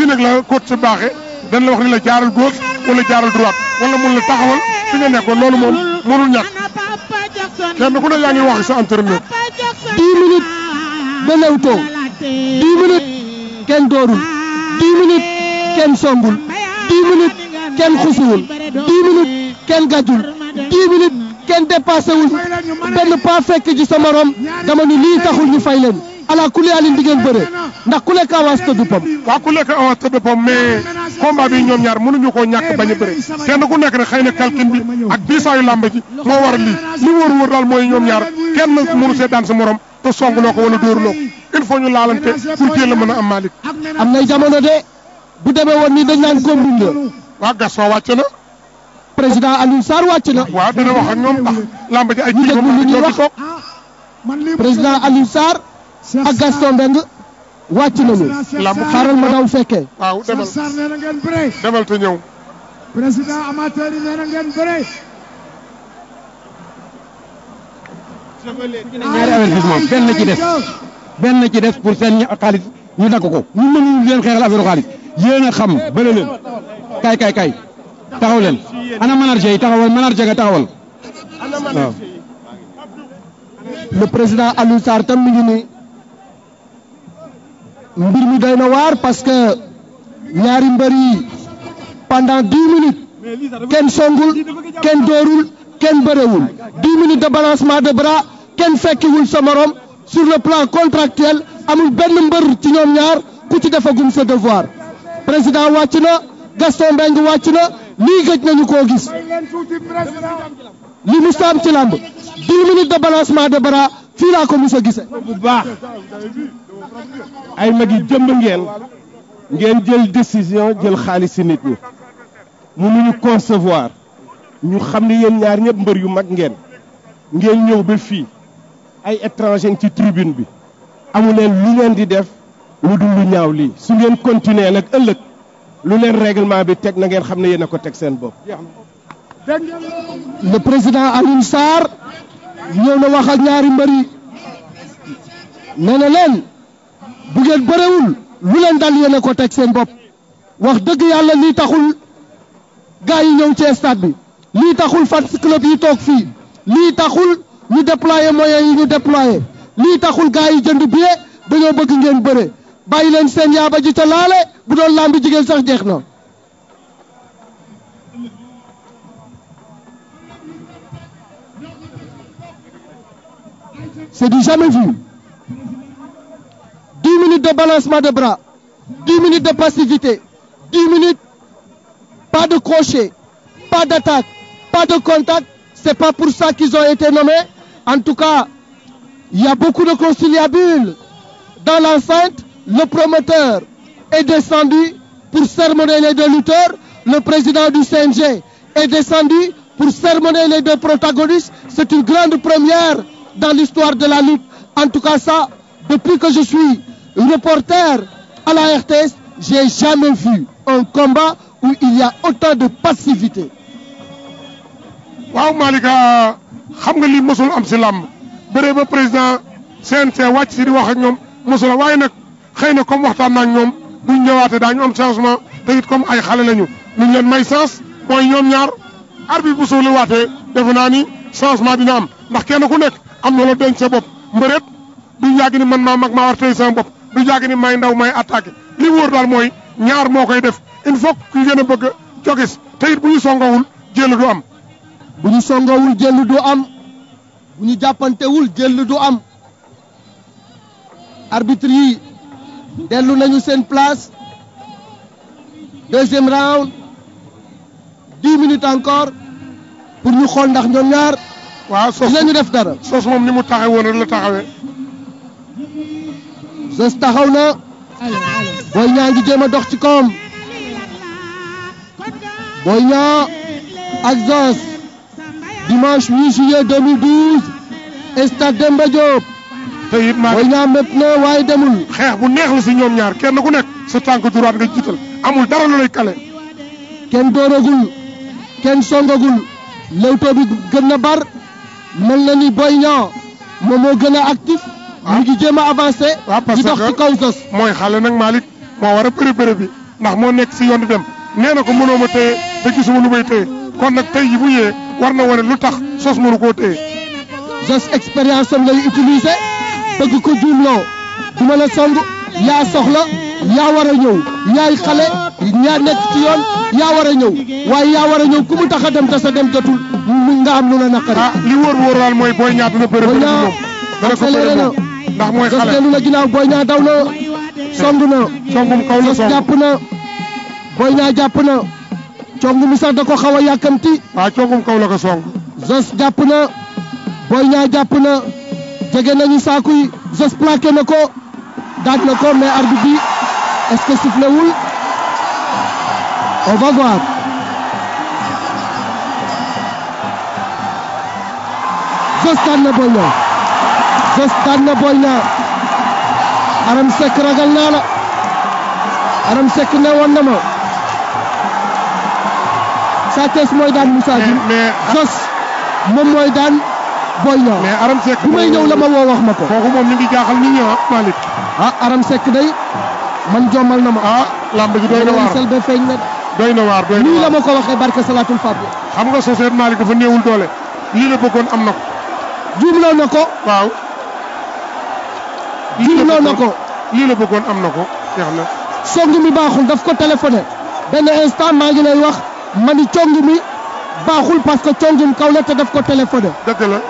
fii nag la sa baaxee dañ la wax ni la jaaral gauche wala jaaral droite wala mun la taxawal fi nga nekkoon loolu moom mënul ñàkk kenn ku ne yaa ngi wax sa entraîneur. 10 minutes ba Leewtoo 10 minutes kenn doorul 10 minutes kenn songul 10 minutes kenn xusuwul 10 minutes kenn gàjjul 10 minutes kenn dépassé wul benn pas fekk ci sa morom dama ni lii taxul ñu fay leen. ala kulli alin di ngeen bëre ndax ku lekk avance tëdd pom waaw ku lekk avance tëdd pom mais combat bi ñoom ñaar mënuñu koo ñàkk bañ a bëre kenn ku nekk rek xëy na bi ak diisaayu làmb ji moo war lii li wóor wóor daal mooy ñoom ñaar kenn mënu see daan sa morom te songloo ko wala dóorloo ko ñu laalante pour teel a mën a am Malick am nay jamono de bu demee woon nii dañ naan koom duñ la waa Gaston wàcc na président Alioune Sarr wàcc na waaw dina wax ak ak Gaston Mbengue wàcc nañu. lamb xaaral ma daw fekkee. waaw demal Cheikh Sarr nee na ngeen bëre. demal te ñëw. président amateur yi nee na ngeen bëre. ñaari avertissement benn ci des benn ci des pour seen xaalis ñu dagg ko ñu mënuñu leen xeexal affaire xaalis yéen xam bële leen kay kay kay taxaw leen ana manager yi taxawal manager nga taxawal waaw. le président Aliou Sarr tam mi ngi nii mbir mi doy na waar parce que ñaari mbër yi pendant dix minutes kenn songul kenn dóorul kenn bërewul dix minutes de balancement de bras kenn fekkiwul sa morom sur le plan contractuel amul benn mbër ci ñoom ñaar ku ci defagum sa devoir président wàcc na Gaston Mbengue wàcc na lii gëj nañu koo gis li mu saam ci làmb dix minutes de balancement de bras fii laa ko mos a gisee bu baax ay magi jëmb ngeen ngeen jël décision jël xaaliss nit ñi ñu concevoir ñu xam ne yéen ñaar ñepp mbeur yu mag ngeen ngeen ñew ba fi ay étranger ci tribune bi amu leen lu ngeen di def lu dul lu ñaaw li su ngeen continuer nak ëlëk lu leen règlement bi tek na ngeen xam ne yéen ko seen bop le président Alioune Sarr ñew na waxal ñaari mbër yi nee bu ngeen bëréwul lu leen dal yéen ko teg seen bopp wax dëgg yàlla lii taxul gars yi ñëw ci stade bi lii taxul fans club yi toog fii lii taxul ñu déployer moye yi ñu déployer lii taxul gaa yi jënd billet dañoo bëgg ngeen bëre bàyyi leen seen yaaba ji ca laale bu doon làmbi jigéen sax jeex na. C'est minutes de balancement de bras, 10 minutes de passivité, 10 minutes, pas de crochet, pas d'attaque, pas de contact. C'est pas pour ça qu'ils ont été nommés. En tout cas, il y a beaucoup de conciliabules. Dans l'enceinte, le promoteur est descendu pour sermonner les deux lutteurs. Le président du CNG est descendu pour sermonner les deux protagonistes. C'est une grande première dans l'histoire de la lutte. En tout cas, ça, depuis que je suis reporter à la RTS, j'ai jamais vu un combat où il y a de passivité. waaw Malika xam nga lii mosul am si làmb bëree ba président CNC wàcc si di wax ak ñoom mosula waaye nag xëy na comme waxtaan naa ak ñoom buñ ñëwaatee daañu am changement te it comme ay xale lañu ñu leen may sens mooy ñoom ñaar arbitre bu suuli waatee defe naa ni changement dina am ndax kenn ku nekk am na la denc sa bopp mbëreet duñ yàgg ni man maa mag maa war tey sama bopp du jàgg ni may ndaw may attaqué li wóor daal mooy ñaar moo koy def il faut ku gën a bëgg a jogis te it bu ñu songowul jël du am. bu ñu songowul jël du am bu ñu jàppantewul jël du am arbitre yi nañu seen place deuxième round dix minutes encore pour ñu xool ndax ñoom ñaar. waaw sos dinañu def dara. sos moom ni mu taxawoon rek la taxawee. Zoss taxaw na Boy Niang ngi jéem a dox ci koom Boy Niang ak Zoss dimanche 8 juillet 2012 stade Demba Diop. te it maa Boy Niang mépp na waaye demul. xeex bu neex la si ñoom ñaar kenn ku nekk sa tànk droite nga jiital amul dara lu lay kale. kenn dooragul kenn songagul lewto bi gën na bar mel na ni Boy Niang moom gën a actif. ñu ngi jéem a avancé. waaw ah, parce que di dox ci kaw sos. mooy xale nag Malick moo war a bëri bëri bi ndax moo nekk si yoon di dem nee na ko mënoo ma téye te gisuma lu may téye kon nag tey yi bu ñëwee war na wane lu tax sos mënu koo téye. jos expérience am lay utiliser bëgg ko juumloo du ma la song yaa soxla yaa war a ñëw yaay xale yaa nekk ci yoon yaa war a ñëw waaye yaa war a ñëw ku mu tax a dem te sa dem jotul nga am lu la naqari. ah li wóor wóor daal mooy booy ndax mooy na ginnaaw Boy Niang daw na song na songum jàpp na Boy Niang jàpp na congu a ah, jàpp na Boy Niang jàpp na jege nañu saaku yi Zoss na ko daaj na ko mais arbitre bi est-ce que sifflé daan na Boy Niang Zoss daan na Boy Niang Arame Seck ragal naa la Arame ne woon na ma Sa Thiès mooy daan Moussa Dioum ah. Zoss moom mooy daan Boy Niang mais Arame Seck bu may ñëw la ma woo wax ma ko kooku moom mi ngi jaaxal nit ñi ah Malick ah day man jommal na ma ah lamb ji doy na waar sel ba feeñ la ma ko waxee barke salaatul fàbbi xam nga Zoss Malick dafa néewul doole lii la bëggoon am na ko juumloo na ko jubloo na ko lii la bëggoon am na ko jeex na song mi baaxul daf ko téléphoné benn instant maa ngi lay wax ma ni cong mi baaxul parce que congum kaw la te daf ko téléphoné la